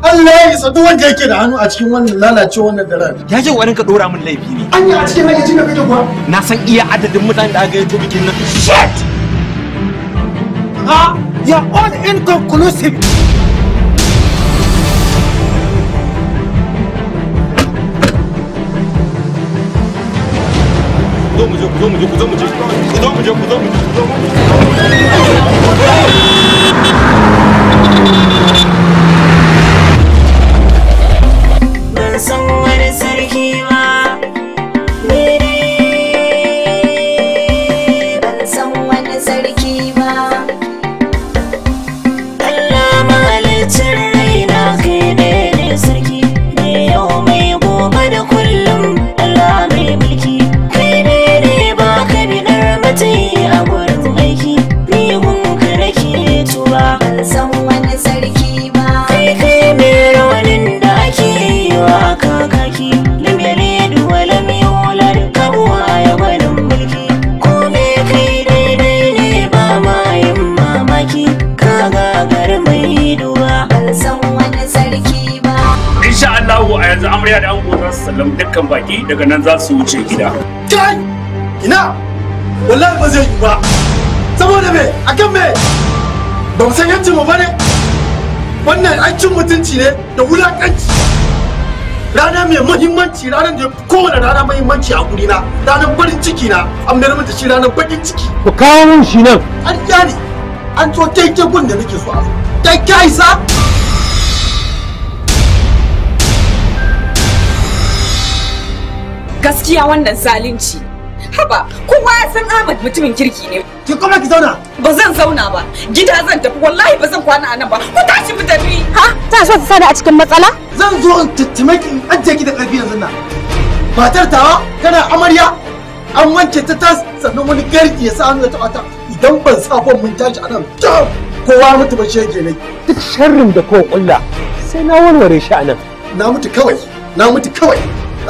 Allah ya isa duk wanda yake da hannu a cikin wannan lalacewa wannan daren. Ya je warin ka dora min laifi ne. Anya a cikin hayyacin da kake kuwa. Na san iya adadin mutanen da aka yi bikin nan. Shit! Ah, ya are all inconclusive. Zo mu je, zo mu je, zo mu je, zo mu je, zo mu je, zo mu je. 心。amarya da ango za su sallama dukkan baki daga nan za su wuce gida kai ina wallahi ba zai yi ba saboda me akan me ba mu san yancin mu bane wannan an cin mutunci ne da wulakanci rana mai muhimmanci ranar da kowane rana muhimmanci a gurina ranar farin ciki na an mayar mata shi ranar bakin ciki ku kawo mun shi nan an kyale an kai kai gun da nake so a zo kai kai sa jiya wannan zalunci haba kowa ya san Ahmad mutumin kirki ne ki kuma ki zauna ba zan zauna ba gida zan tafi wallahi ba zan kwana a nan ba ku tashi mu tafi ha ta so ta sani a cikin matsala zan zo in tattime ki in ajiye ki da karfi yanzu nan matar tawa kana amarya an wanke ta tas sannan wani garki ya sa hannu ya taɓa ta idan ban sa ko mun tashi a nan kowa mutu ba shege ne duk sharrin da kowa kulla sai na warware shi a nan na mutu kawai na mutu kawai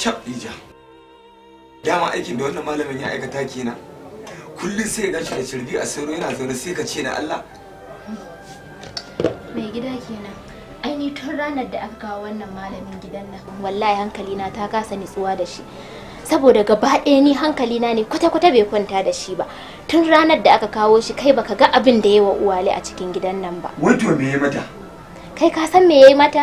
shaf ija dama aikin da wannan malamin ya aikata kenan kullum sai ya da shirbi a sauro yana zaune sai ka ce na Allah mai gida kenan ai ni tun ranar da aka kawo wannan malamin gidan nan wallahi hankali na ta kasa nitsuwa da shi saboda gaba ɗaya ni hankali na ne kwata-kwata bai kwanta da shi ba tun ranar da aka kawo shi kai baka ga abin da yawa uwale a cikin gidan nan ba wato me ya mata kai ka san me ya mata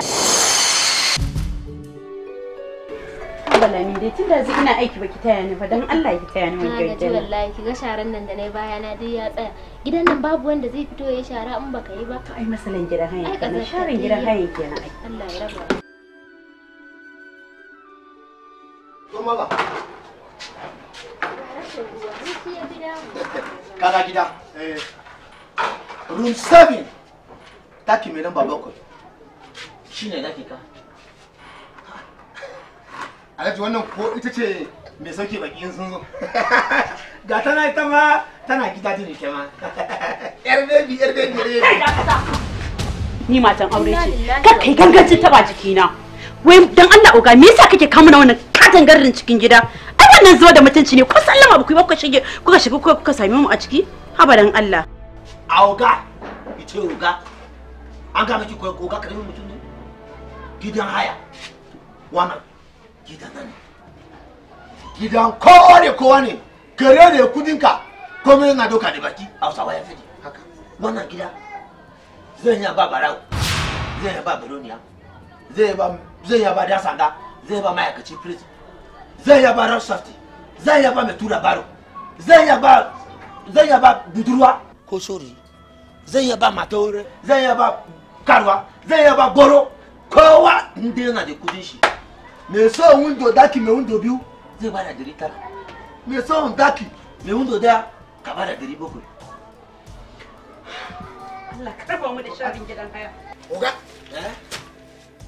haba lami dai tun da ina aiki baki taya ni fa dan Allah ki taya ni wanke gidan. wallahi ga sharan nan da nayi baya na duk ya tsaya. Gidan nan babu wanda zai fito ya shara in baka yi ba. Ai masalan gidan sharan gidan kenan. Allah ya raba. To mala. Kaga gida. Eh. Room 7. Taki mai Shine ka. alhaji wannan ko ita ce mai sauke baki in sun zo ga tana ita ma tana gida ne ke ma yar baby yar baby yar baby ni matan aure ce kar kai gangancin taba jikina wai dan Allah oga me yasa kake kama na wannan katan garin cikin gida ai wannan zuwa da mutunci ne ko sallama ba ku ba ku shige kuka shiga kuka kuka same mu a ciki habaran Allah a oga ita oga an ga miki ko oga karamin mutum ne gidan haya wannan gidan kowa ne kowa ne gare da kudinka komai yana doka da baki wasa waya fadi haka wannan gida zai yi ba barau zai yi ba baroniya zai ba zai yi ba da sanda zai ba ma'aikaci prison zai yi ba safety zai yi ba mai tura baro zai yi ba zai yi ba budurwa ko shori zai yi ba mata zai yi ba karwa zai yi ba goro kowa inda yana da kudin shi me so windo daki mai windo biyu zai bada dari tara so son daki me windo da ka bada dari bakwai Allah ka karfa mu da sharin gidan haya oga eh?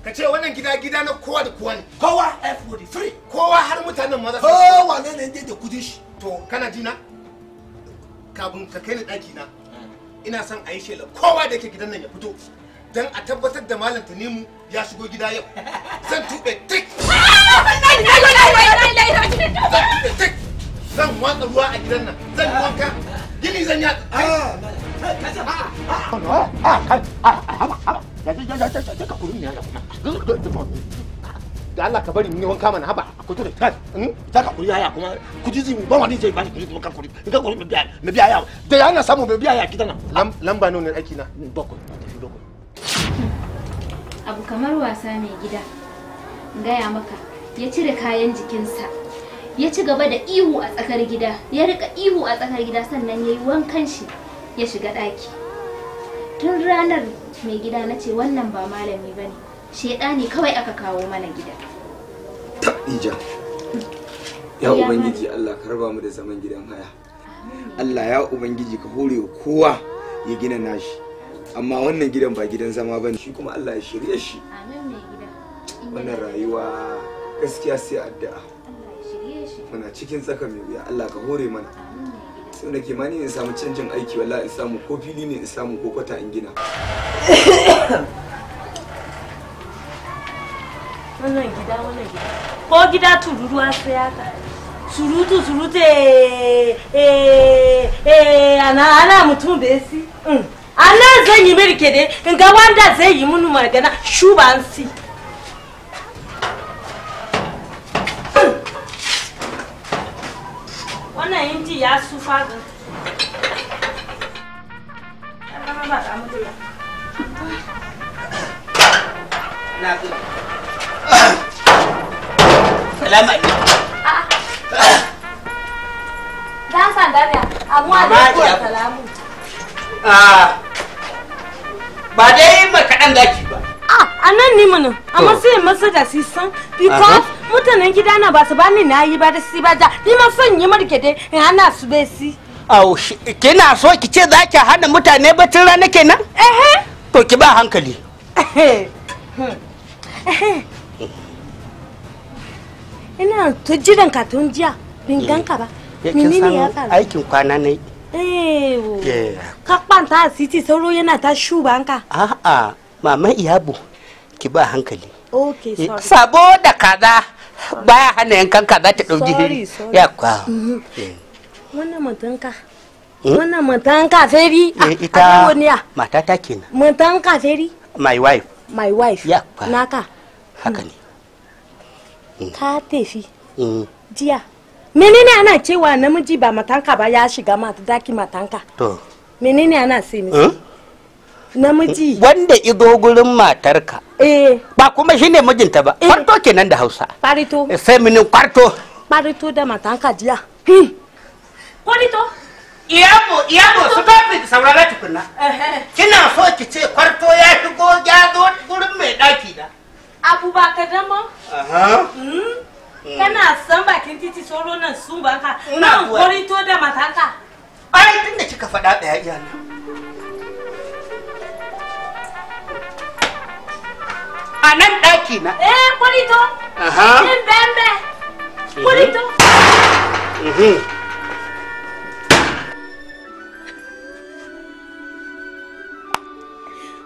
ka ce wannan gida gida na kowa da kowa ne kowa f43 kowa har mutanen maza kowa ne ne da kudin shi to kana jina kafin ka kai ni daki na eh. ina son a yi shela kowa da ke gidan nan ya fito don a tabbatar da malam tunimu ya shigo gida yau zan tuɓe tik zan wanka ruwa a gidan nan zan wanka gini zan ya ah. da Allah ka bari mun wanka mana haba a kutu da kai in ta ka kuriya ya kuma kuji zimu ba wani zai bani kuji kuma kan kuri in ka kuri mai biya ya da yana samu mai biya ya kitana nan lamba ne aiki na bakwai abu kamar wasa mai gida gaya maka ya cire kayan jikinsa ya ci gaba da ihu a tsakar gida ya rika ihu a tsakar gida sannan ya yi wankan shi ya shiga ɗaki tun ranar mai gida na ce wannan ba malami ba ne shaidani kawai aka kawo mana gida ija ya ubangiji allah ka raba mu da zaman gidan haya allah ya ubangiji ka hore kowa ya gina nashi amma wannan gidan ba gidan zama ba ne shi kuma Allah ya shirye shi wannan rayuwa gaskiya sai addu'a muna cikin tsaka mai wuya Allah ka hore mana sau da kimani ne samu canjin aiki wala in samu ko fili ne in samu ko kwata in gina wannan gida wannan gida ko gida tururuwa sai haka surutu surutu eh eh eh ana ana mutum si. a nan zan yi mirke da ga wanda zai yi mini magana shubansi wannan hindi ya sufa ga Salama ne. Dan sanda Ah. ba dai ba kaɗan zaki ba a nan ni mana amma sai masa da si san because mutanen gida na ba su ba ni na yi ba da si ba da ni ma son yi marke dai in hana su bai si au kina so ki ce za ki hana mutane batun rana kenan eh to ki ba hankali ina to jiran ka tun jiya bin ganka ba eh, eh, menene ya faru aikin kwana ne eh ka kwanta a siti sauro yana ta shubanka a'a mama iyabu ki ba hankali Ok, eh, sorry da kaza baya hana yankan kaza ta dauki hiri ya kwa wannan matanka hmm? wannan matanka feri eh, ah, ita ah. mata ta kenan matanka feri my wife my wife ya kwa naka haka ne hmm. Hmm. ka tafi jiya menene ana cewa namiji ba matanka ba ya shiga mata daki matanka to menene ana sai miji eh? namiji wanda ido gurin matarka eh ba kuma shine mijinta ba farto eh. kenan da Hausa farito. Eh, sai feminin kwarto farito da matanka jiya kwarto hmm. iyamo iyamo su fi saurara tukunna kina so ki ce kwarto ya shigo ya zo gurin mai daki da abubakar dama hmm. kana san bakin titi soro nan sun baka nan kwarto da matan ya ni. a nan ɗaki na. eh kulito. in bẹ́ẹ̀ kulito. Mhm.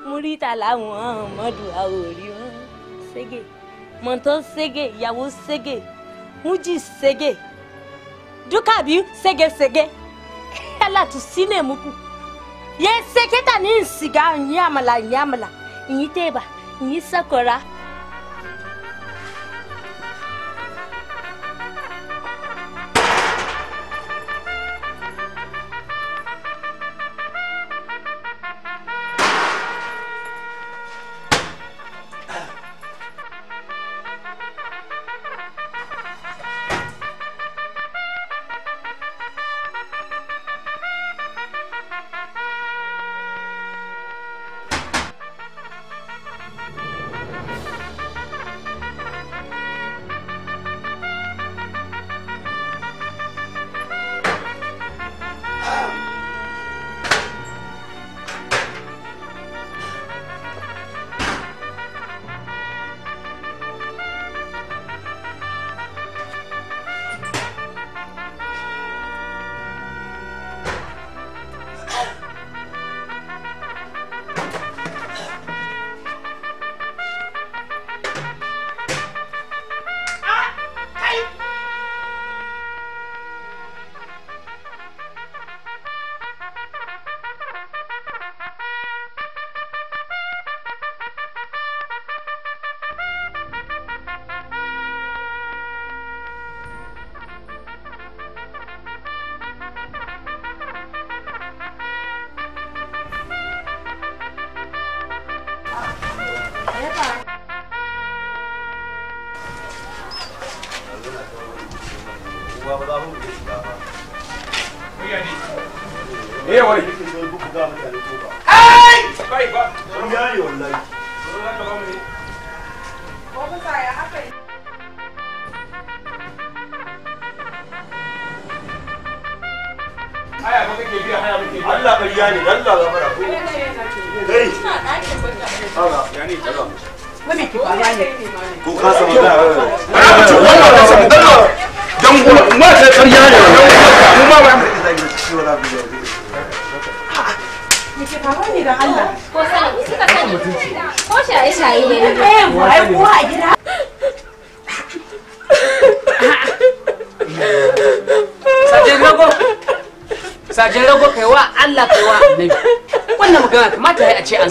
múrítà mhm. làwọn ọmọdù àwòrí wọn sége mọ̀tò sége ìyàwó sége mújì sége dúkàbí ségesège yálà tún sínú èmùkù. Yes, yeseke tanihi nsiga nyiamala nyiamala nyiteba sakura,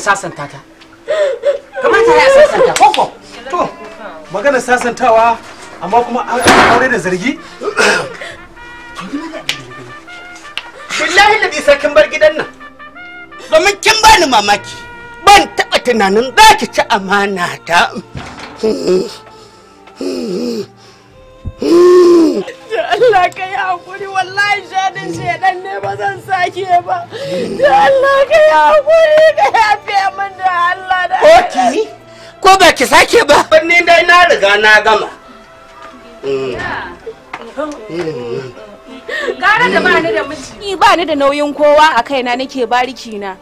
sasanta ta kamar ta ya sasanta koko to magana sasantawa amma kuma an aure da zargi billahi da sai kin bar gidan nan domin kin bani mamaki ban taɓa tunanin za ki ci amana ta Da Allah ka yi haƙuri wallahi shaɗin shaɗan ne ba zan sake ba. Da Allah ka yi haƙuri. ko ba ki sake ba banne dai na riga na gama gara da bani da miji ba ni da nauyin kowa a kaina nake bariki na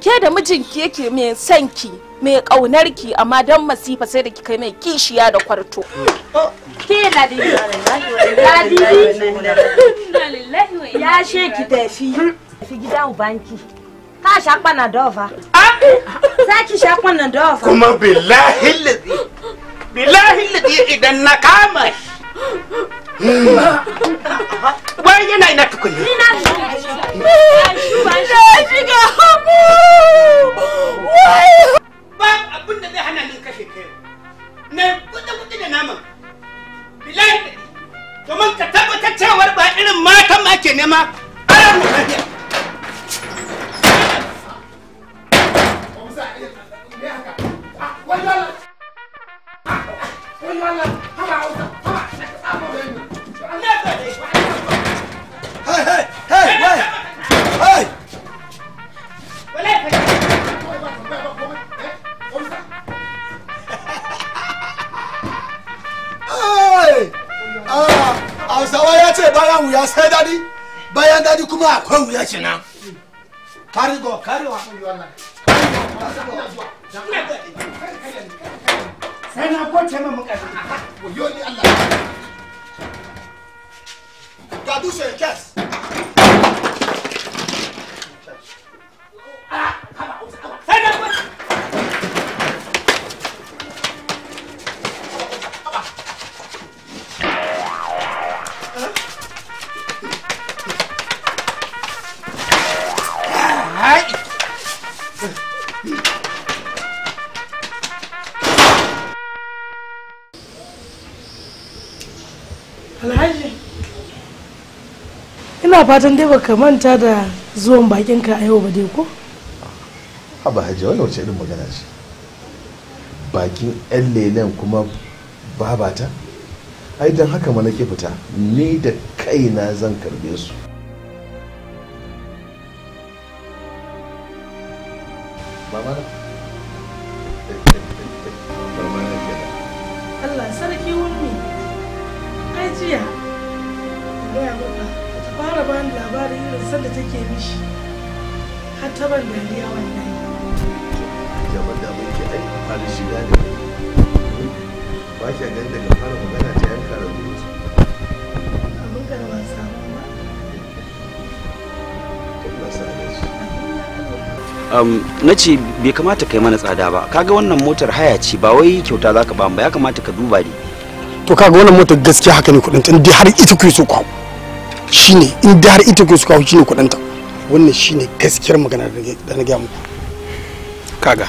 ke da mijinki yake mai son ki mai kaunar ki amma don masifa sai da kika mai kishiya da kwarto ke na da ya she ki tafi tafi gida ubanki ka sha kwana dofa za ah! ki sha kwana dofa kuma billahi ladi billahi ladi idan na kama hmm. wai yana ina tukuni ina shiga hamu wai ba abin da zai hana ni kashe kai na kuɗa kuɗi da naman billahi domin ka tabbatar cewar ba irin matan ake nema ana Hausawa ya ce bayan wuya sai dadi, bayan dadi kuma akwai wuya kenan. karigo karigo sai na kwace mamu ƙasa yoni Allah ga dushe kes ah haba ina fatan dai baka manta da zuwan bakin ka a yau ba dai ko haba hajiya wannan wace irin magana ce bakin yan lelen kuma babata ai don haka ma nake fita ni da kaina zan karbe su mama na na ce bai kamata kai mana tsada ba kaga wannan motar haya ce ba wai kyauta zaka ba ba ya kamata ka duba ne to kaga wannan motar gaskiya haka ne kudin ta in dai har ita kai so kwa shine in dai har ita kai so kwa shine kudin ta wannan shine gaskiyar magana da na ga muku kaga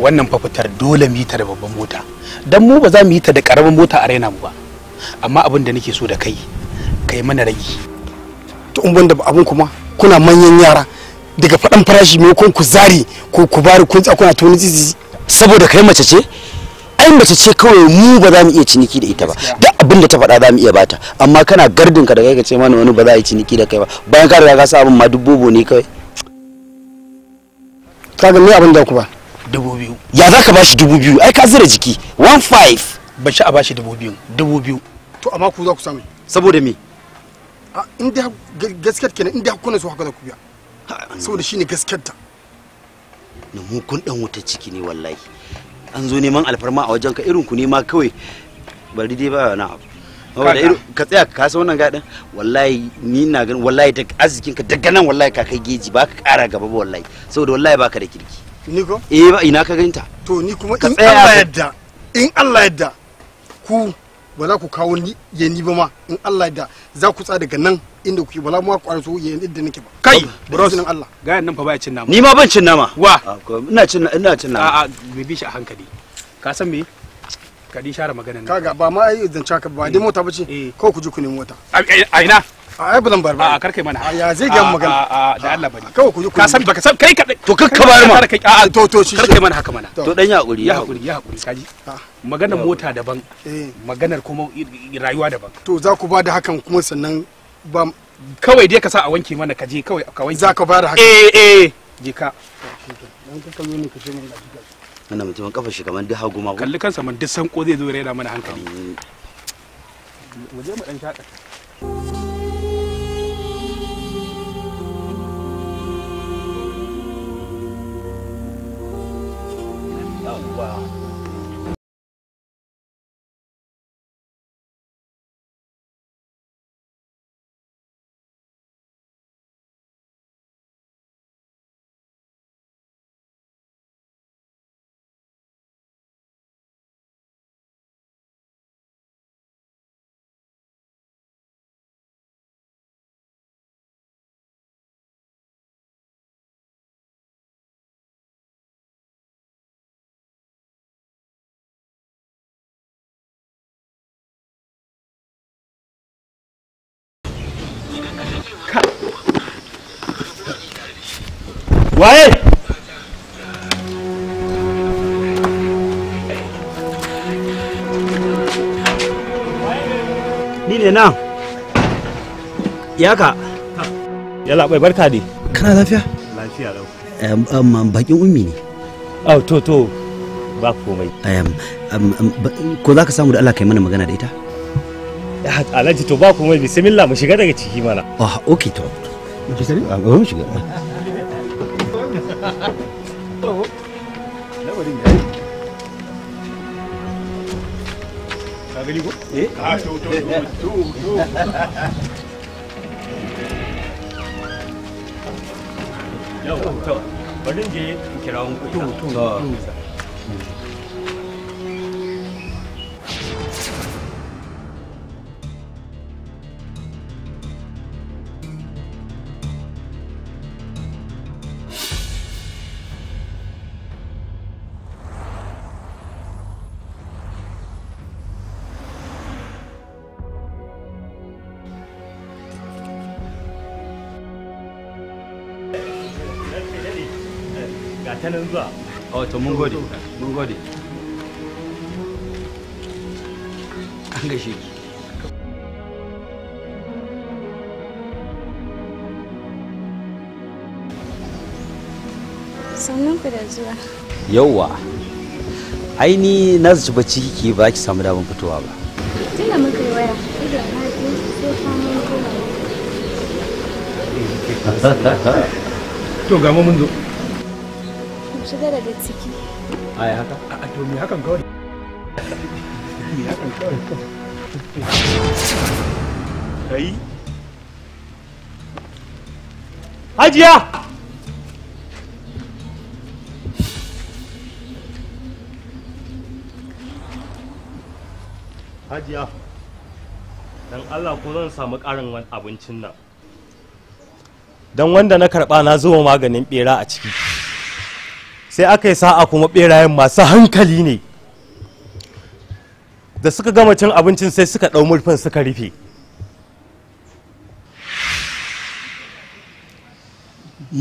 wannan fa fitar dole mu yi ta da babban mota dan mu ba za mu yi ta da karamin mota a raina mu ba amma abin da nake so da kai kai mana ragi to in banda abin kuma kuna manyan yara daga faɗan farashi maimakon ku zari ko ku bari kun tsakuna ta tuni zizi saboda kai mace ce ai mace ce kawai mu ba za mu iya ciniki da ita ba duk abin da ta faɗa za mu iya bata amma kana gardin ka da kai ka ce mana wani ba za a yi ciniki da kai ba bayan ka riga ka sa abin ma dubbobo ne kawai kaga me abin da ku ba dubu biyu ya za ka bashi dubu biyu ai ka zira jiki one five ba shi a bashi dubu biyu dubu biyu to amma ku za ku sami saboda me in da gaskiya kenan in da kuna so haka za ku biya saboda shine gaskiyarta na mukun dan wuta ciki ne wallahi an zo neman alfarma a wajen ka irin ku ne ma kawai bari dai ba na abu ka tsaya ka kasa wannan gaɗin wallahi ni na gan wallahi da arzikin ka daga nan wallahi ka kai geji ba ka ƙara gaba ba wallahi saboda wallahi ka da kirki ni ko eh ba ina ka ganta to ni kuma in Allah yadda in Allah yadda ku ba za ku kawo ni ya ni ba ma in Allah yadda za ku tsaya daga nan inda kuke bala ma kwarso ya inda nake ba kai bros nan Allah ga nan fa baya cin nama ni ma ban cin nama wa ah, ina cin ina cin nama a a bi shi a hankali ka san me ka di share magana ne kaga ba ma ai zance ka ba dai mm. mota bace eh. ko ku ji ku nemi mota a ina a ai bulan barba a karkai mana ya zai ga magana a da Allah bane ka ku ji ku ka san baka san kai ka to kakka bar ma a to to shi karkai mana haka mana to dan ya hakuri ya hakuri ah. ya hakuri kaji maganar mota daban eh. maganar kuma rayuwa daban to za ku ba da hakan kuma sannan kawai dai ka sa a wanke mana ka je kawai ka wanke za ka bada haka eh eh je ka wannan mutum kafa shi kamar duk hagu ma kalli kansa man duk sanko zai zo raina mana hankali mu je mu dan shaka. Wow. waye ni ne nan yaka yala bai barka ne kana lafiya lafiya lau um, bakin ummi ne oh to to ba komai um, ko za ka samu da Allah kai mana magana da ita alhaji to ba kuma bismillah mu shiga daga ciki mana ah okay to bismillah a mu shiga Yau, to, bari je kira muku ita. To, to, to. Oh, to mun gode. Mun gode. An gaishe ki. Sannan ku da zuwa. Yauwa. Ai ni na zaci bacci kike ba ki samu damar fitowa ba. Tunda muka yi waya, ido na biyu sai kwanan goma. To ga mun zo. shiga daga ciki a yi haka a to me hakan kawai me hakan kawai kai hajiya hajiya don allah ko zan samu ƙarin abincin nan don wanda na karɓa na zuba maganin bera a ciki sai aka yi sa'a kuma berayen masu hankali ne da suka gama cin abincin sai suka ɗau murfin suka rufe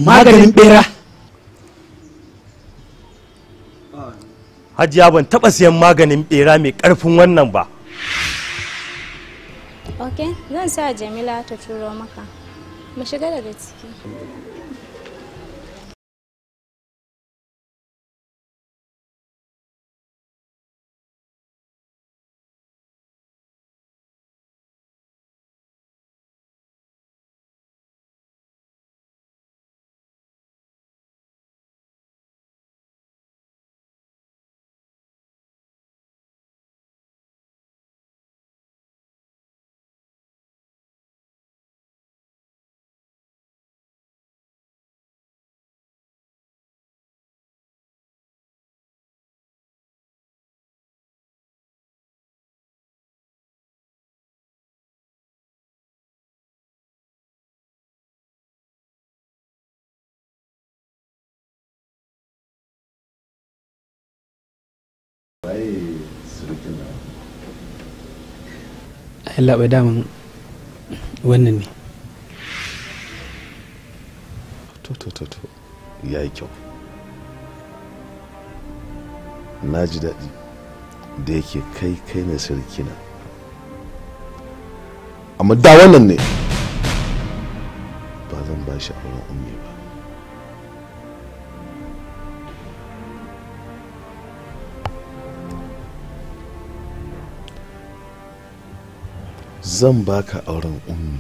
maganin bera hajiya ban taɓa siyan maganin bera mai ƙarfin wannan ba ok zan sa jamila ta turo maka mu shiga daga ciki waye surukin na Allah bai daman wannan ne to to to to ya yi kyau na ji daɗi da yake kai kai ne sirkina amma da wannan ne ba zan ba shi auren ummi ba zan baka auren ummi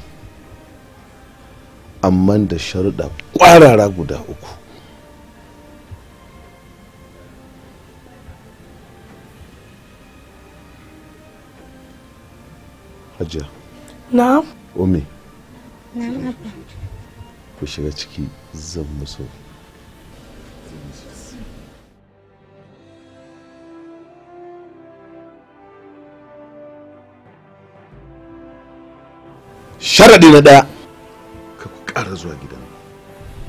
amma da sharuɗa ƙwarara guda uku hajiya na ummi ku shiga ciki zan musu sharaɗi na ɗaya ka ku ƙara zuwa gidan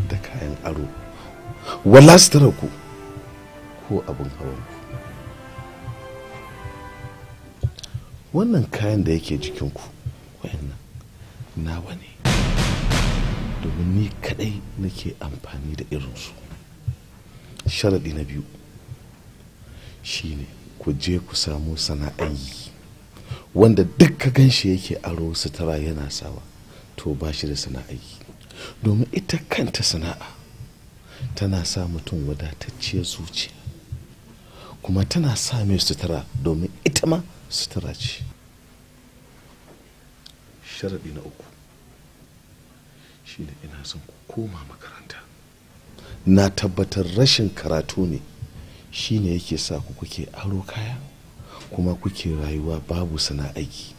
da kayan aro wala ku ko abin hawan ku wannan kayan da yake jikinku wayannan nawa ne domin ni kadai nake amfani da irin su. sharaɗi na biyu shine ku je ku samu sana'ai wanda duk ka gan shi yake aro sutura yana sawa to ba shi da sana'a domin ita kanta sana'a tana sa mutum wadatacciyar zuciya kuma tana sa mai sutura domin ita ma sutura ce sharaɗi na uku shi ne ina son ku koma makaranta na tabbatar rashin karatu ne Shi ne yake sa ku kuke aro kaya kuma kuke rayuwa babu sana'aki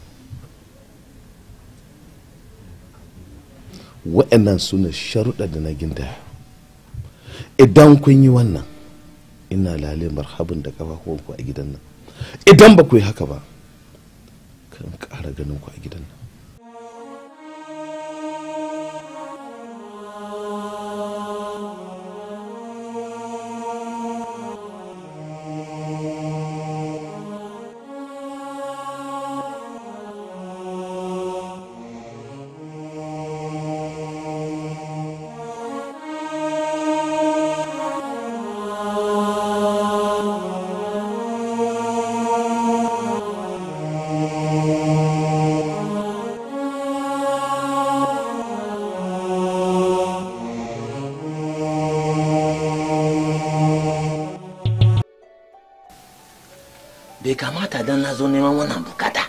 waɗannan su ne sharuɗa da na ginda idan kun yi wannan ina lale marhabin da kafafuwanku a gidan nan idan ba ku yi haka ba kan ƙara ganin ku a gidan nan don na zo neman wannan bukata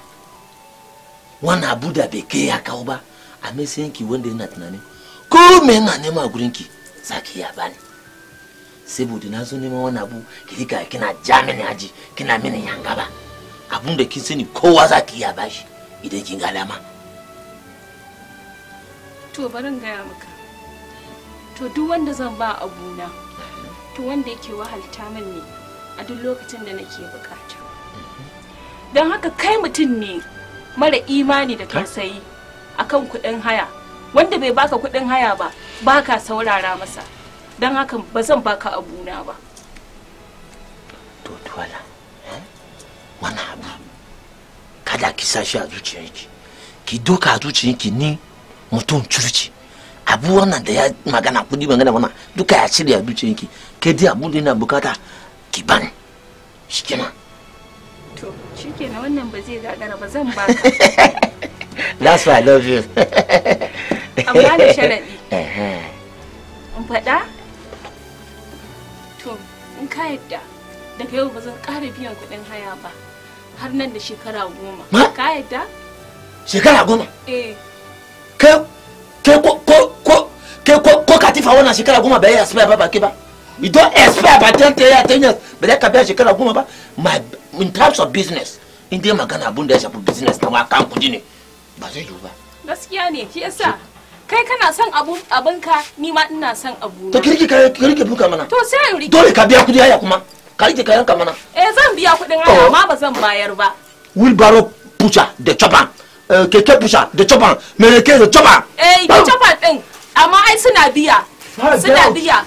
wannan abu da bai kai ya kawo ba a matsayin ki wanda yana tunani ko me na nema a gurin ki saki ya bani saboda na zo neman wannan abu ki rika kina ja mini aji kina mini yanga ba abun da kin sani kowa za ki iya bashi idan kin ga lama to barin gaya maka to duk wanda zan ba abuna to wanda yake wahalta min ne a duk lokacin da nake bukata don haka kai mutum ne mara imani da tausayi akan kuɗin haya wanda bai baka kuɗin haya ba baka saurara masa don haka ba zan baka abuna ba to tuwala eh? wani abu kada ki sashi a zuciyarki ki doka a zuciyarki ni mutum curci abu wannan da ya magana kudi magana wannan duka ya shirya zuciyarki ke dai abu da yana bukata ki ban shi shikenan wannan ba zai gagara ba zan baka that's why i love you amma da sharadi in faɗa to in ka yadda daga yau ba zan ƙara biyan kuɗin haya ba har nan da shekara goma ka yadda shekara goma eh ko ko ko ko katifa wannan shekara goma bai ba ba you don expire by ten years ten years bai ka a shekara goma ba my in terms of business in dai magana abun da ya shafi business na kan kuɗi ne ba zai yiwu ba gaskiya ne shi yasa kai kana son abun ka ni ma ina son abu to kirki kai kirki buka mana to sai yuri dole ka biya kudi haya kuma ka rike kayan ka mana eh zan biya kudin haya oh. amma ba zan bayar ba wheelbarrow pucha da chopan eh, keke pucha da chopan mereke da chopan eh da chopan din amma ai suna biya suna biya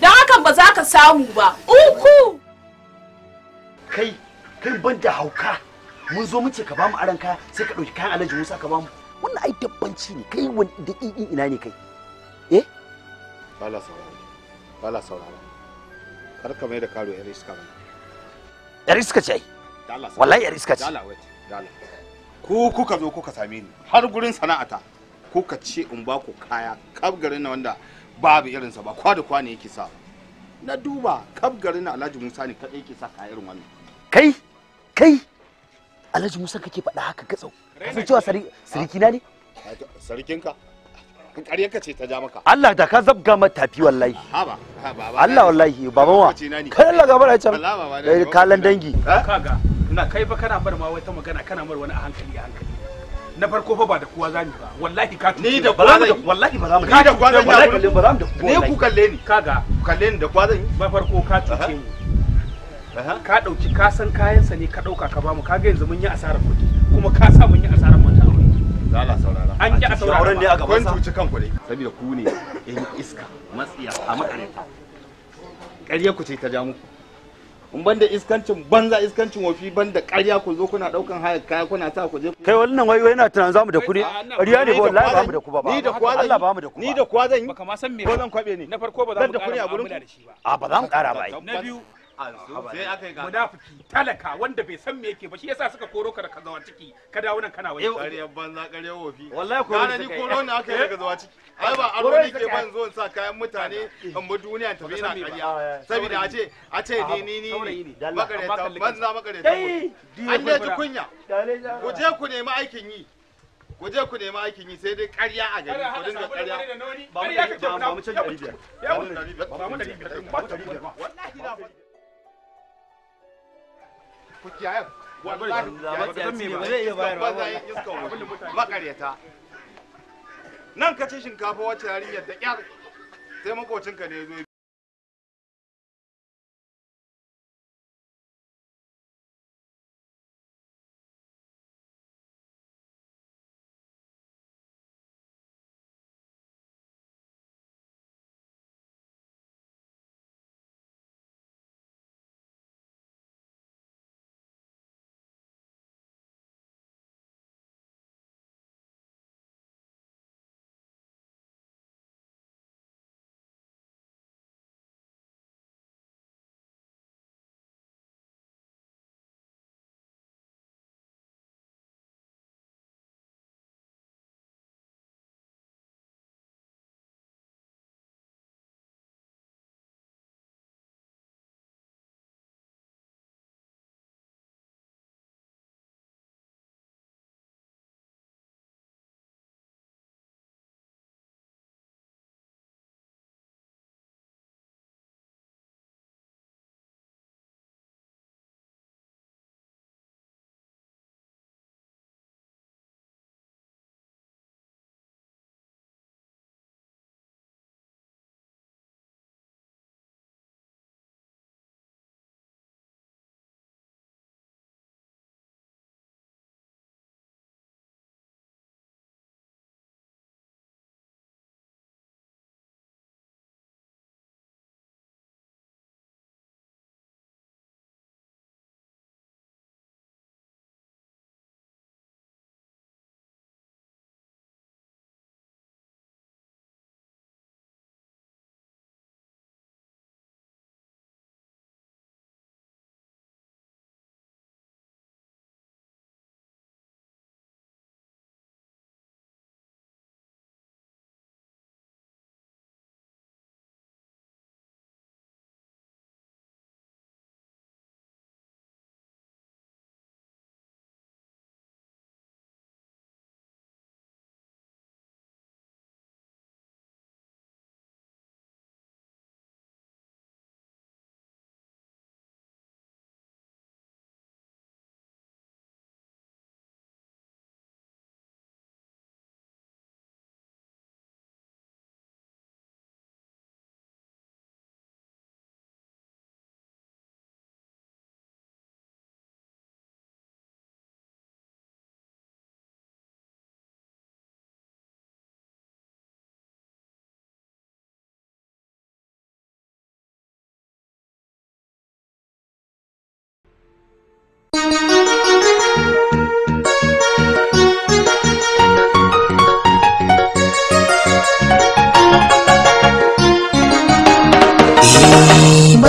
don hakan ba za ka samu ba uku kai kai banda da hauka mun zo mun ce ka bamu aranka sai ka ɗauki kayan alaji musa ka bamu wannan ai dabbanci ne kai wani da ina ne kai eh bala saurara bala saurara kar ka mai da karo yar iska ba yar iska ce ai wallahi yar iska ce dala dala ko kuka zo kuka same ni har gurin sana'ata kuka ce in ba ku kaya kaf garin na wanda babu irinsa ba kwa da kwa ne yake sa na duba kaf garin na alhaji musa ne kadai yake sa kayan irin wannan kai kai alhaji musa kake faɗa haka gatsau sun cewa sarki na ne ah, sarkinka ƙaryarka ce ta ja maka Allah da ka zabga mata tafi wallahi haba haba Allah wallahi baba wa kai Allah gabar a can kalan dangi kaga ina kai fa kana bar ma wata magana kana mar wani a hankali a hankali na farko fa ba da kowa zani ba wallahi ka ni da ba zan wallahi ba za mu ni da kowa zani ba zan ne ku kalle ni kaga kalle ni da kowa zani ba farko ka tuce ni ka ɗauki ka san kayansa ne ka ɗauka ka bamu kaga yanzu mun yi asarar kuɗi kuma ka sa mun yi asarar ta aure zala saurara an ki asarar auren ne a gaban sa kun ku ne saboda ku ne in iska matsiya a makaranta ƙarya ku ce ta ja muku in ban da iskancin banza iskancin wofi ban da ƙarya ku zo kuna daukan haya kaya kuna sa ku je kai wannan wai yana tunanin zamu da ku ne ƙarya ne ba wallahi ba mu da ku ba ni da kuwa Allah ba mu da ku ni da kuwa zan yi baka ma san me ko zan kwabe ne na farko ba za mu ƙara da ba a ba za mu ƙara ba na biyu sai aka yi munafiki talaka wanda bai san me yake ba shi yasa suka koro ka da kazawa ciki ka dawo nan kana wani ƙarya banza ƙarya wofi wallahi koro ni koro ne aka yi kazawa eh? ciki ai ba aro ke ban sa kayan mutane in bi duniya ta bi na kariya. saboda a ce a ce ni ni ni makareta banza makareta eh! an ne kunya ku je ku nemi aikin yi ku je ku nemi aikin yi sai dai ƙarya a gari ku dinga ƙarya ba mu ba mu ba mu ku kiyaye wallahi nan ka ci shinkafa wacce yarinyar da yar sai makocinka ne ya zo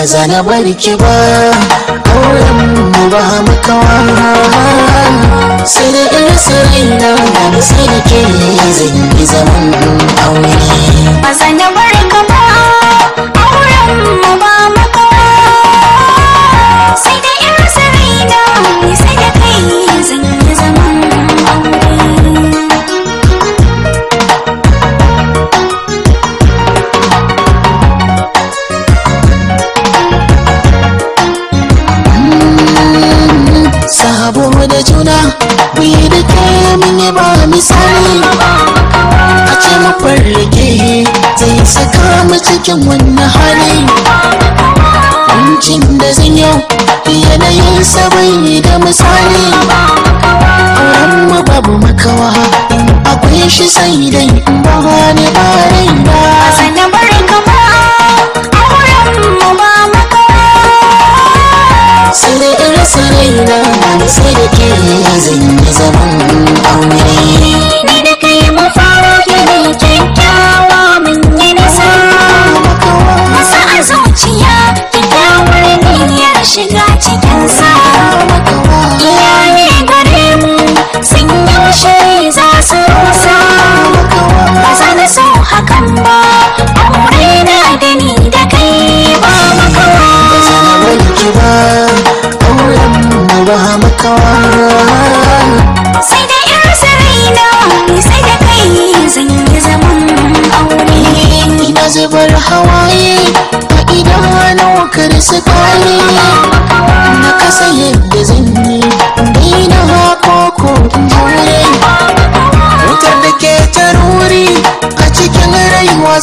ba za na barki ba auren mu ba makawa sai da in rasa raina da na sai da ke zan yi zaman aure ba za na barka ba auren mu ba ni da ke mun yi ba misali a ce mafarrake zai saka mu cikin wannan hali Kuncin da zan yau yanayin sabai da misali Auren mu babu makawa akwai shi sai dai ba ne ba rai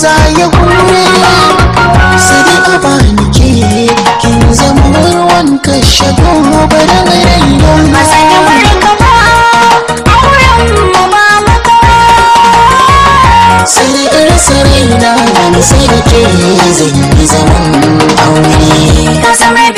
Za a ya kure sai a bani ke kin zama ruwan kashe goma bari na raina maza ya sai da irin zai na wani sai da yi zaman aure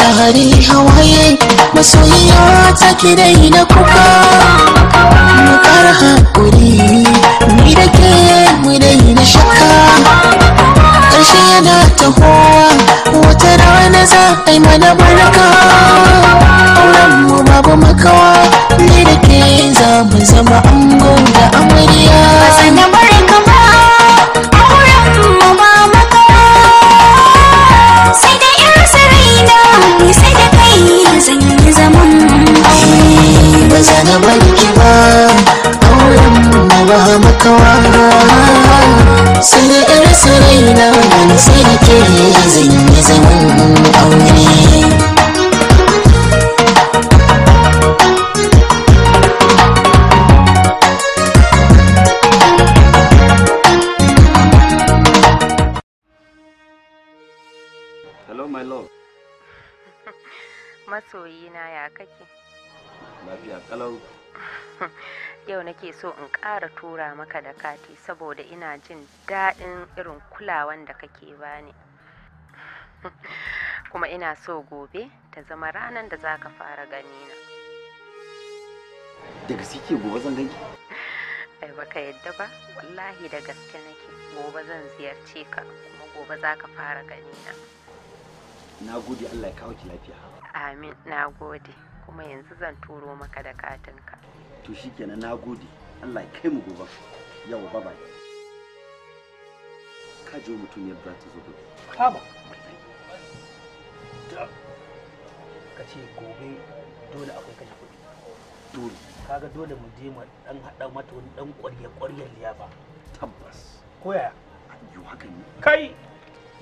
shahari hawaye masoyiya ta ki dai na kuka mu kara hakuri ni da ke mu dai na shakka ƙarshe yana tahowa wata rana za a yi mana baraka auren mu babu makawa ni da ke za mu zama ango da amarya zana barki ba auren mu ba makawa sai da irsa raina ban sai ke zan zaman aure nake so in ƙara tura maka da kati saboda ina jin daɗin irin kulawan da kake bani kuma ina so gobe ta zama ranar da za ka fara ganina da gaske gobe zan ganki ai baka yadda ba wallahi da gaske nake gobe zan ziyarce ka kuma gobe za ka fara ganina na gode allah ya kawo ki lafiya amin na gode kuma yanzu zan turo maka da katinka to shikenan na gode Allah ya kai mu gobe yawa bye bye ka je mutum ya ta zo gobe ka ba ka ce gobe dole akwai kashe kuɗi dole kaga dole mu je mu dan hada mata wani dan ƙwarya ƙwaryar liyafa tabbas koya yau haka ne kai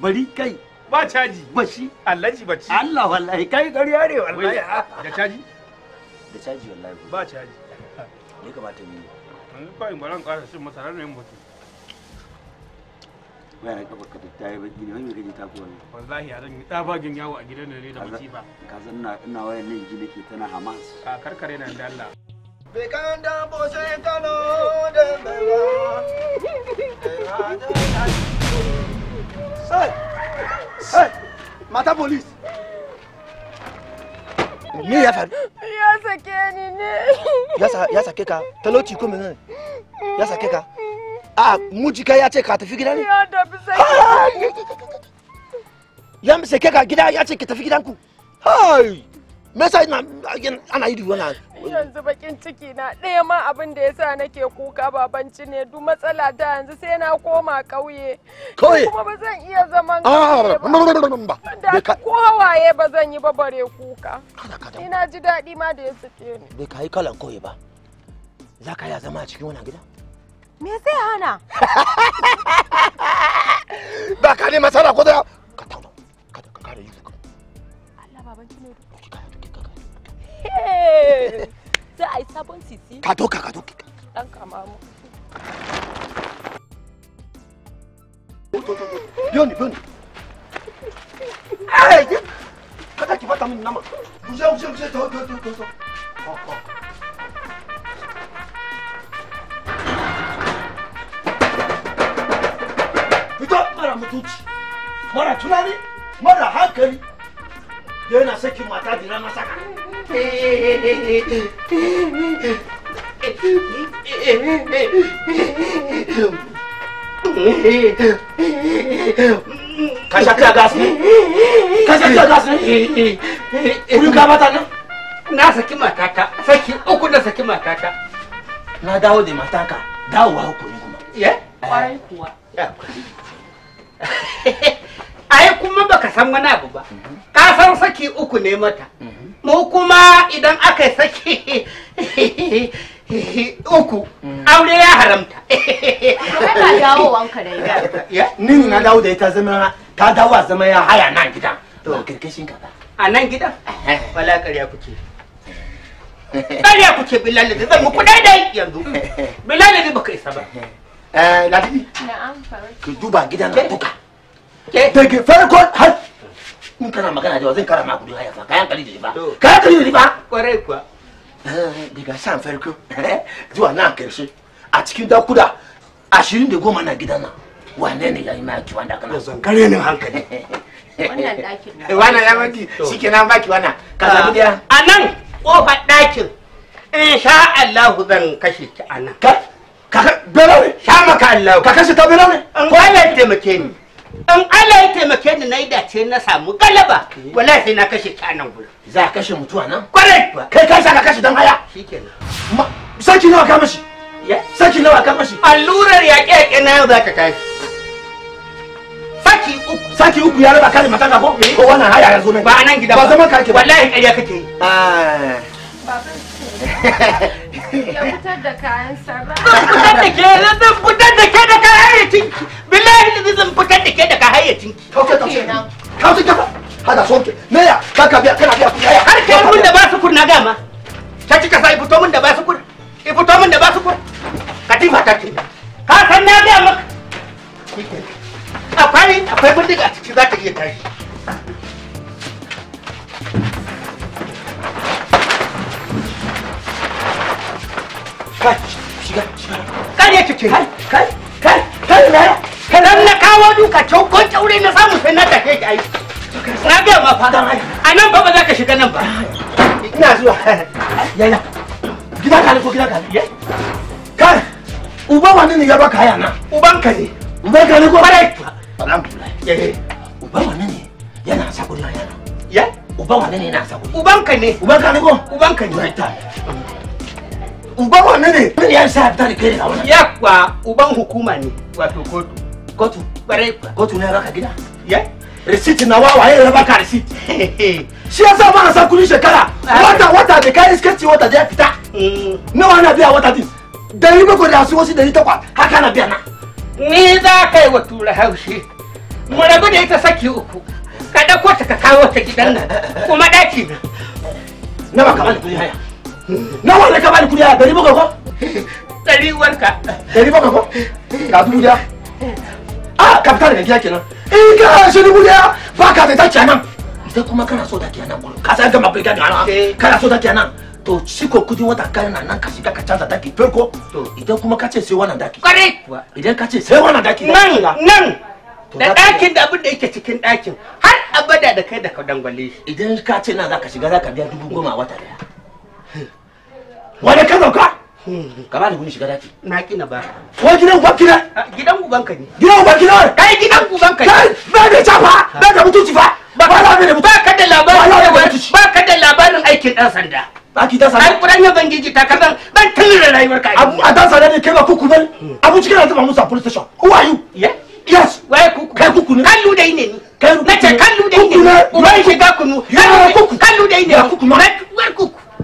bari kai ba caji ba shi allaji ba ci Allah wallahi kai ƙarya ne wallahi da caji da caji wallahi ba caji ne kamata mu yi yanzu kawai ba ran ƙara shin masara ne mutu waya na kafa ka ta yi baki ne wani gaji ta kowa ne wallahi yaran ni ta bagin yawo a gidan ne da musiba ka san ina ina wayan nan ji nake tana hamas a karkare na da Allah be kan da bo sai kano da mewa sai sai mata police mi ya faru ya sake ni ne ya sake ka talauci ko menene ya sake ka a mujika ya ce ka tafi gida ne ya tafi sai ya sake ka gida ya ce ki tafi gidanku hai me yasa ina ana yi dubu wannan yanzu bakin ciki na ɗaya ma abin da yasa nake kuka babanci ne duk matsala ta yanzu sai na koma ƙauye ƙauye kuma ba zan iya zaman ah, ƙauye ba da kowaye ba zan yi ba bare kuka ina ji daɗi ma da ya suke ni bai kai kalan ƙauye ba za ka iya zama a cikin wani gida me zai hana ba ka ne masara ko da ka tauna kada ka kare yi ke za a yi sabon sisi ka doka ka doka dan kama mu Yoni, yoni. Ai, kada ki bata min nama. Kuje, kuje, kuje, to, to, to, to. Oh, oh. Fito mara mutunci, mara tunani, mara hankali. yana sakin mata da masa saka ka sha kya gas ne ka sha kya gas ne kuri ka mata nan na saki matata saki uku na saki matata na dawo da mataka dawowa hukuri kuma ya eh. kwarai kuwa ai kuma baka san wani abu ba mhm. ka san saki uku ne mata mhm. mu kuma idan aka saki uku mhm. aure ya haramta kana dawo wanka da ita ni na dawo da ita zama ta dawo a zama ya haya nan gidan to kirkishin ka ba a nan gidan eh. wala ƙarya kuke ƙarya kuke bilal da zan muku eh. daidai yanzu eh. bilal da baka isa ba eh ladi na'am ku duba gidan nan kuka. daga farkon har in kana magana jawa zan kara maku duka yafa kayan kali da riba kayan kali da riba kwarai kuwa eh, daga san farko eh, zuwa nan karshe a cikin dakuda ashirin da goma na gidan nan wane ne ya yi maki wanda kana zan kare ni hankali wannan dakin wannan ya maki baki wannan ka zabi da ah. a nan kofar dakin in sha Allah zan kashe ki a nan ka ka sha maka Allah ka kashe ta belawe ko Allah taimake ni in Allah ya taimake ni na yi dace na samu galaba eh. wallahi na kashe ta nan gurin za ka kashe mutuwa nan kwarai kai ka sa ka kashe dan haya shikenan saki nawa ka mashi saki nawa ka mashi allurar ya yaƙe na yau za ka kai saki uku saki uku ya raba kare matanga ko eh. ko wannan haya ya zo nan ba anan gida ba zama kake wallahi ƙarya kake yi ah. ya fitar da kayan sarrafa. Zan fitar da ke, zan fitar hamsin kafa hada soke meya ba ka biya kana biya kuɗi haya har kai mun da ba su kunna dama ta cika sa fito mun da ba su kun i fito mun da ba su kun katifa ta ce ka san na biya maka akwai akwai bindiga ciki za ta iya tashi a nan ba ba za ka shiga nan ba ina zuwa yaya gida ka ne ko gida ka ne kai uba wani ne ya baka haya uban ka ne uban ka ne ko bare alhamdulillah eh, eh. uba wani ne yana sa ya uba wani ne yana sa uban ka ne uban ka ne ko uban ka ne uban wani ne ya sa kai ya kwa uban hukuma ne wato kotu kotu bare kotu ne ya baka gida receipt na wa waye ya baka receipt shi yasa ba na sa kudin shekara wata wata da kai iskanci wata da ya fita mm. nawa na biya wata din dari bakwai da su wasu dari takwas haka na biya na ni za ka yi wa tura haushi mu rabu da ita saki uku ka ɗauko ta ka kawo ta gidan nan kuma ɗaki na nawa ka bani kudi haya nawa ne ka bani kudi haya dari bakwai ko dari uwarka dari bakwai ko ah, ka dubu da ah kapitan fita daga kenan in ka shi dubu daya ba ka ta tace nan idan kuma kana so da kiyana kullum ka san gama birka da nan kana so da kenan to shi ko kudi wata kai nan nan ka shiga ka canza daki farko to idan kuma ka ce sai wannan daki kare idan ka ce sai wannan daki nan nan da dakin da abin da yake cikin dakin har abada da kai da ka dangwale idan ka ce nan zaka shiga zaka biya dubu goma wata daya hm. wani ka zauka Hmm. ka bani gudun shiga na kina ba ko gidan uban kina gidan uban ka ne gidan uban kina kai gidan uban ka kai ba ka cafa ba ka mutunci fa ba ka da ba ka da labarin ba ka da labarin aikin dan sanda dan sanda ai kuran ya bangiji ban tilira rayuwar ka abu a dan sanda ne kai ba kuku hmm. abu cikin a police station who are you yes wai kuku kai kuku ne kallu dai ne kai kuku ne kallu dai ne shiga kunu kallu dai ne kuku ne kuku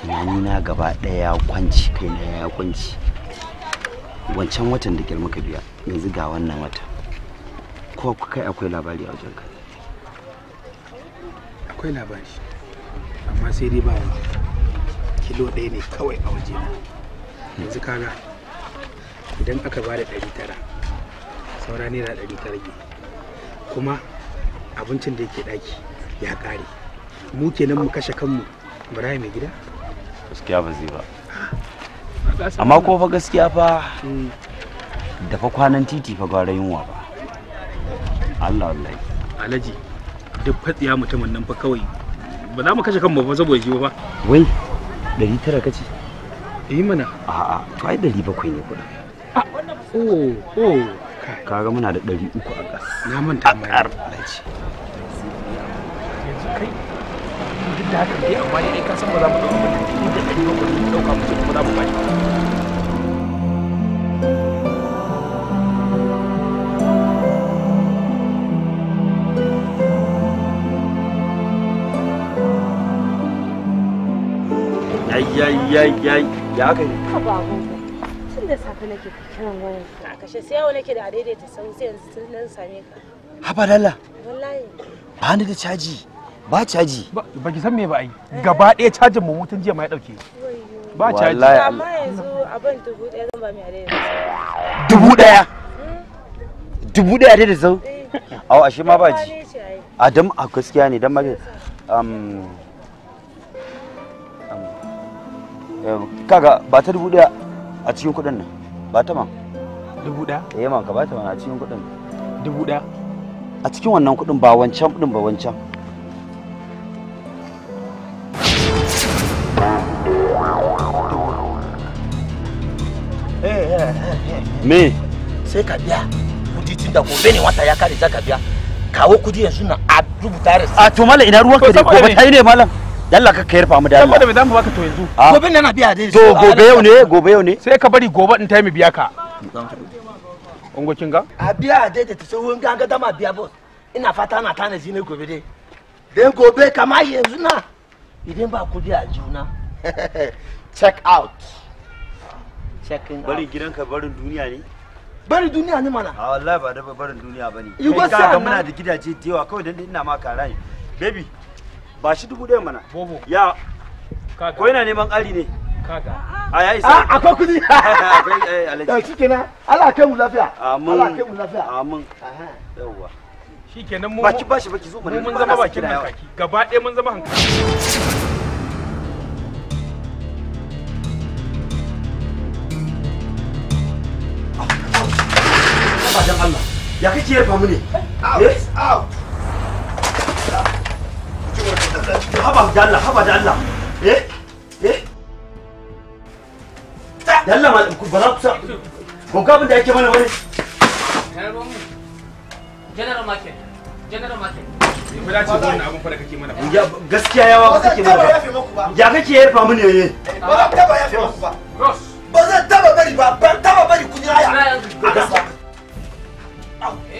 tunanina gaba ɗaya ya kwanci kaina ya kwanci wancan watan da girma ka biya yanzu ga wannan wata ko kai akwai labari a wajenka akwai labari amma sai dai ba kilo ɗaya ne kawai a waje yanzu kaga idan aka bada da ɗari tara saura naira ɗari tara kuma abincin da yake ɗaki ya kare mu kenan mu kashe kanmu mu mai gida gaskiya ba zai ba amma ko fa gaskiya fa da fa kwanan titi fa gwara yunwa ba Allah Allah alaji duk fatsiya mutumin nan fa kawai ba za mu kashe kanmu ba saboda shi ba wai dari tara kace eh mana a to ai bakwai ne kuɗin ah, oh oh kaga muna da dari uku a ƙas na manta mai alaji kai duk da haka dai amma dai ka san ba za mu ba duk da ɗari bakwai mu ɗauka kuma za mu bari. Yayyayyayyay ya aka yi. ba tun da safe nake kiran wani a kashe sai nake da a daidaita yanzu nan same ka. Wallahi. Ba ni da caji. ba caji ba ki san me ba ai gaba ɗaya cajin mu mutun jiya ma ya dauke ba caji amma yanzu abin dubu ɗaya zan ba mai dubu ɗaya hmm? dubu ɗaya da zau eh. au ashe ma ba ji adam a gaskiya ne dan ma um, um, um kaga ba ta dubu ɗaya a cikin kuɗin nan ba ta ma dubu ɗaya eh ma ka ba ta ma a cikin kuɗin dubu ɗaya a cikin wannan kuɗin ba wancan kuɗin ba wancan me sai ka biya kudi tun da gobe ne wata ya kare za ka biya kawo kudi yanzu na a rubuta res a to malam ina ruwanka ka da gobe kai ne malam yalla ka kayar famu da Allah saboda me mu baka to yanzu ah. gobe ne na biya dai to gobe yau ne gobe yau ne sai ka bari gobe in mu biya ka ungokin ga a biya dai da tsohon ganga da ma biya boss ina fata na tana zine gobe dai dan gobe kama yanzu na idan ba kudi a juna check out checking barin gidanka barin duniya ne barin duniya ne mana a wallahi ba da barin duniya bane kai ka muna da gidaje da yawa kawai dan ina ma kara ne baby ba shi dubu ɗaya mana bobo ya ko yana neman ƙari ne kaga a yayi sai ah, akwai kudi da eh, shi kenan Allah kai mu lafiya amin Allah kai mu lafiya amin yawa shikenan mu ba ba ki shi ba ki zo mu mun zama baki hankaki gaba ɗaya mun zama hankali ya ke yarfa famu ne eh? haba da Allah haba da Allah eh eh da Allah ma ku ba za ku sa abin da yake mana general market general market Gaskiya yawa ba kake mana ba. Ya kake Ba yafe ba. Ba zan taba bari ba, ban taba bari kun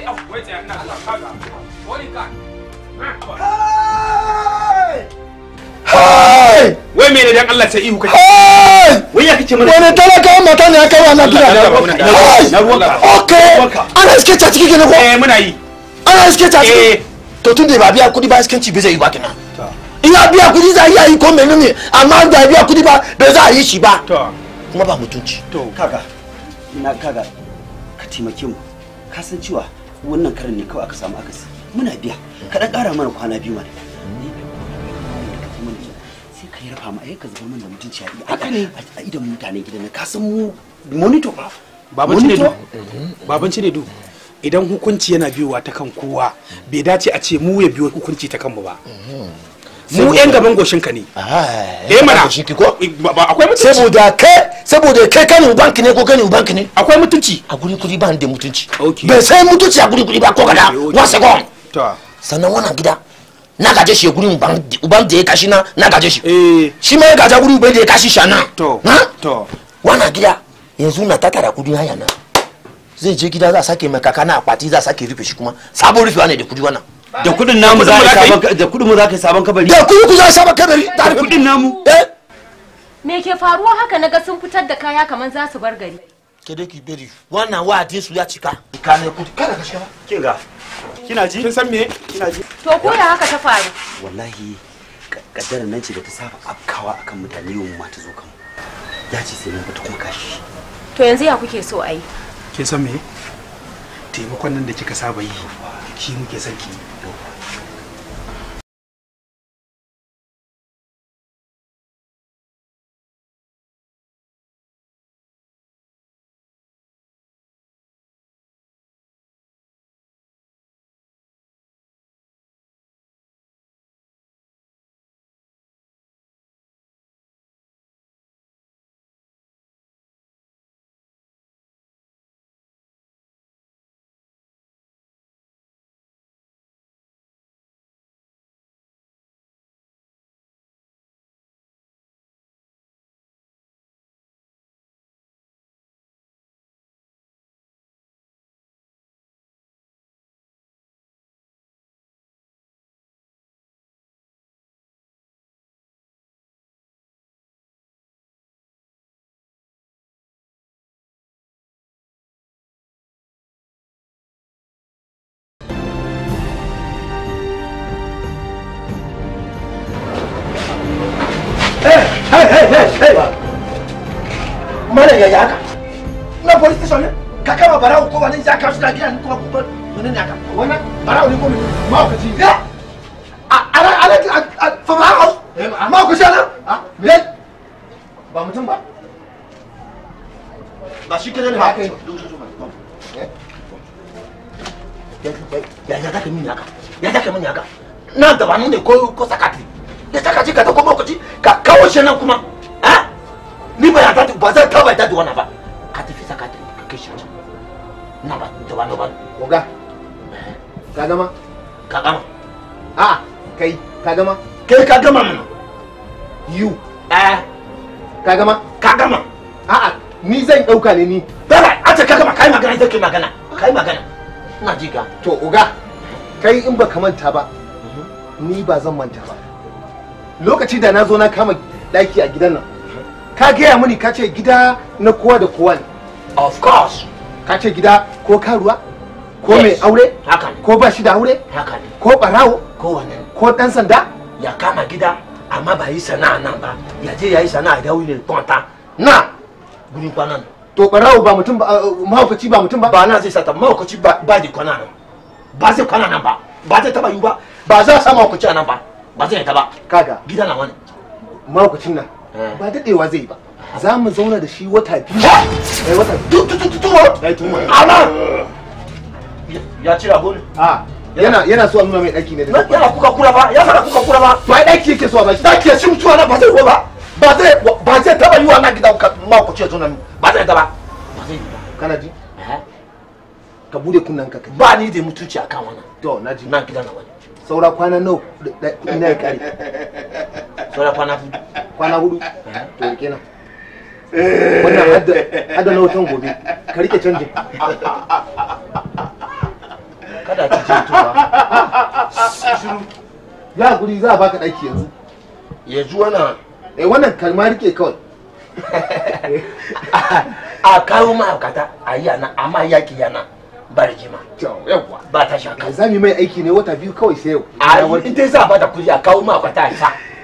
abu wai tsaya ina zuwa mene dan Allah sai ihu kake wai ya kake mana wani talaka ne aka wa na gida na ruwanka okay ana suke ta ciki ne ko eh muna yi ana iske ta ciki eh. to tun ba biya kudi ba iskanci bai yi ba kenan in ya biya kudi za iya yi ko menene amma da biya kudi ba bai za a yi shi ba kuma ba mutunci to kaga kaga ka taimake mu ka san cewa wannan karan ne kawai aka samu akasi muna biya kada kara ƙara mana kwana biyu mana sai ka yi rafa ma ka zuba mana mutunci a idan mutanen gidan ka san mu monitor ba babanci ne du babanci ne du idan hukunci yana biyowa ta kan kowa bai dace a ce mu ya biyo hukunci ta kanmu ba mu yan gaban goshin ka ne eh, eh mana akwai mutunci saboda kai saboda kai kanin bank ne ko kanin bank ne akwai mutunci a guri guri ba da mutunci ba sai mutunci a guri guri ba ko kada wa wasa to sannan wannan gida na gaje shi guri uban uban da ya kashi na na gaje shi eh shi mai gaje guri uban da ya kashi shi to ha to wannan gida yanzu na tattara kudin haya na zai je gida za a sake mai kaka na akwati za a sake rufe shi kuma sabon rufewa ne da kudi wannan da kudin namu za ka sabon da kudin mu za ka sabon kabari da kudin ku za ka sabon kabari da kudin namu eh? me ke faruwa haka na ga sun fitar da kaya kamar za su bar gari ke dai ki bari wannan wa'adin su ya cika ka ne kudi kada ka shiga kin ga kina ji kin san me kina ji to ko ya haka ta faru wallahi kaddara nan ce da ta saba afkawa akan mutane yau ma ta zo kan ya ce sai mun fita kuma kashi to yanzu ya kuke so a yi kin san me taimakon nan da kika saba yi shi muke son ki yi mana yaya haka na police station ne ka kama barawo ko wani ya kawo shi gidan kuma kuma wani ne haka wannan barawo ne ko mai mawakaci ne eh, a ana ana a fama house eh, mawakaci ana ne ah, eh. ba mutum ba ba shi kada ne ba kai ya ya zaka mini haka ya zaka mini haka na gabanu ne ko ko sakati ya sakati ka ta ko mawakaci ka kawo shi nan kuma ba zan taba da wannan ba ka tafi sa ka ka kai shi can na ba da wani ba oga ka gama ka gama a kai ka gama kai ka gama mana you eh ka gama ka gama a'a ni zan dauka ne ni dala a ce ka gama kai magana ita kai magana kai magana ina ji ka to oga kai in ba baka manta ba ni ba zan manta ba lokaci da na zo na kama daki a gidan nan ka gaya mini ka ce gida na kowa da kowa ne of course ka ce gida ko karuwa ko mai aure ko ba shi da aure ko barawo ko dan sanda ya kama gida amma ba yi sana'a nan ba ya je ya yi sana'a da wuri kwanta na gurin kwanan to barawo ba mutum ba mahaukaci ba mutum ba ba na zai sata mahaukaci ba zai kwana nan ba zai kwana nan ba ba zai taba yi ba ba za a sa mahaukaci a nan ba ba zai taba kaga gida na wani mahaukacin nan ba eh. dadewa zai ba za mu zauna da shi wata biyu ai eh, wata biyu ana ya ci abu ne a ah, yana yana so a nuna mai daki ne da ya kuka kura ba ya fara kuka kura ba to ai daki yake so ba shi daki ya shi mutuwa na ba zai ko ba ba zai ba zai taba yi wannan gidan ma ku ce tunan ba zai taba ba zai kana ji eh? ka bude kunnan ka ba ni da mutunci akan wannan to na ji na gidan na wani saura kwana nawa ina ya kare saura kwana hudu kwana hudu to rike nan wannan hada na wutan gobe ka rike canjin kada ki je tuwa shiru ya guri za a baka daki yanzu yanzu wannan eh wannan kalma rike kawai a kawo a yi yana amma yana ba ta shaka yi mai aiki ne wata biyu kawai sai yau a ita za a bata kuɗi a kawo ma'aikata a sa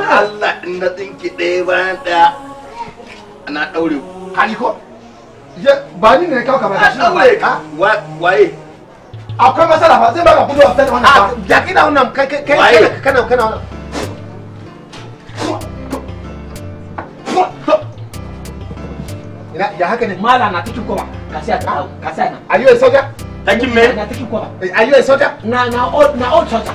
Allah in na tsinki ɗaya bayan ɗaya ana ɗaure ku. Kaji ko? Ba ni ne kawo kamar kashi na waye. Waye? Akwai matsala ba zai baka kudu a fitar da ah, ba. Jaki na wannan kai kai kai kana kana wannan. Ya haka ne? Mala na cikin kowa. Kasi a kawo. Kasi a nan. Are you a soldier? Taking me? Na cikin kowa. Are you a Na na old na old soldier.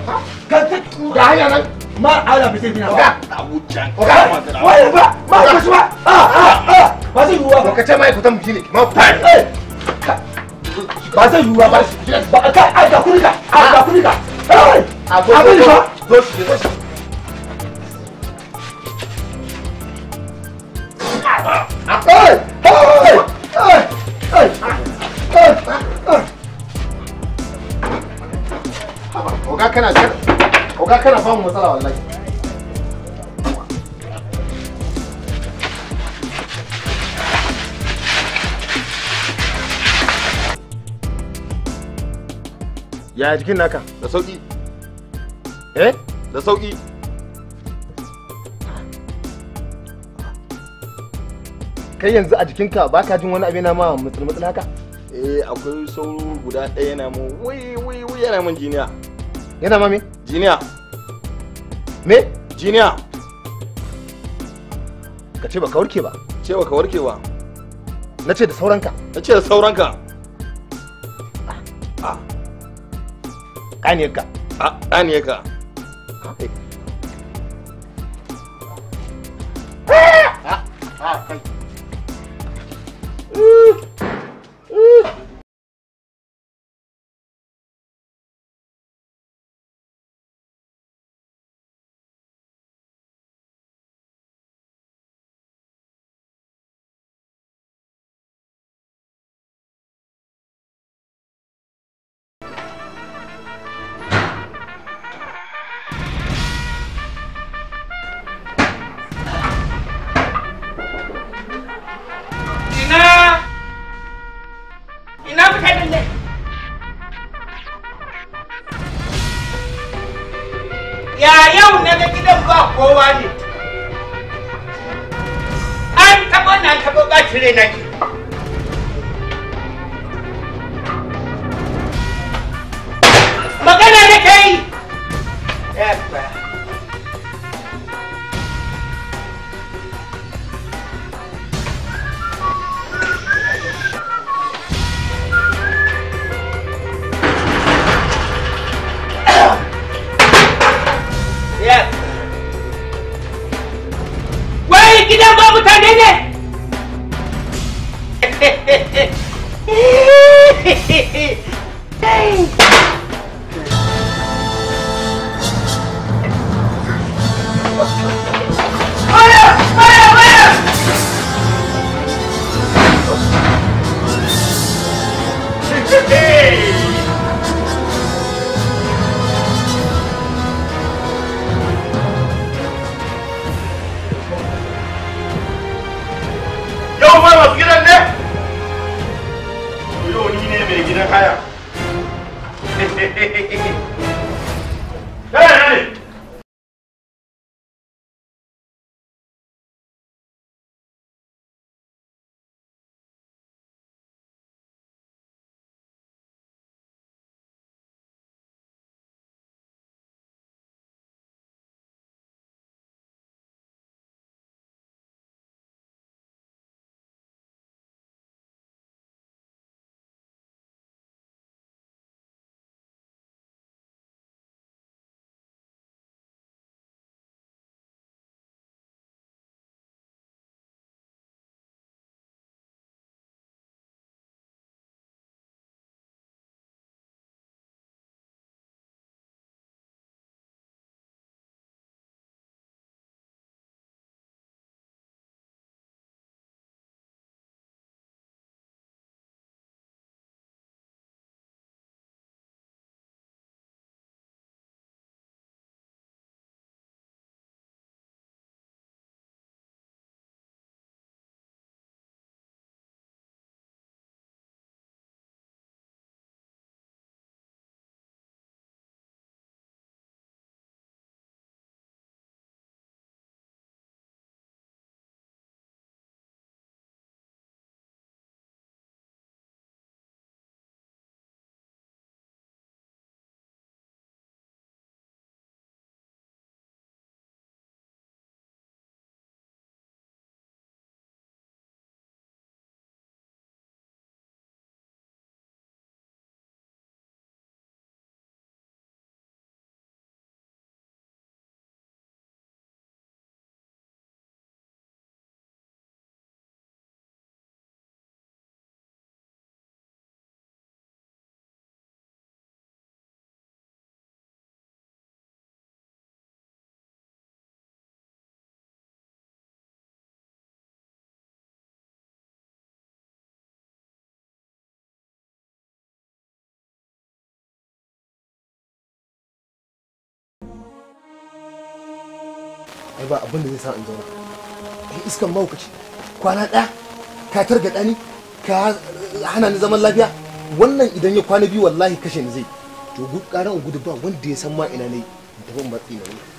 Ka ta. Da hanya nan. ma ala bi se bi na wa oga wa ye ba ma ko suwa ah ah ah ba se yuwa ba ka ce mai ko ta mu jini ma pa ba se yuwa ba ba ka ai ka kuri ka ai ka kuri ka ai abin ba do shi do shi Hey! Hey! Hey! Hey! Hey! Hey! Oga kana kana oga kana samun matsala wallahi jikin naka da sauki eh da sauki kai yanzu a jikinka ba ka jin wani abin na ma mutsul haka eh akwai sauro guda ɗaya na mu wai wai wai yana mun jiniya yana ma me jiniya me jiniya ka ce baka warke ba ce baka warke ba na ce da sauranka na ce da sauranka a ah. ah. ƙaniyarka a ah, ƙaniyarka eh. Saturday night ai ba abin da zai sa in zauna ai iskan maukaci kwana ɗaya ka targaɗa ni ka hana ni zaman lafiya wannan idan ya kwana biyu wallahi kashe ni zai to gudu karan gudu ba wanda ya san ma ina ne da ban matsi na wani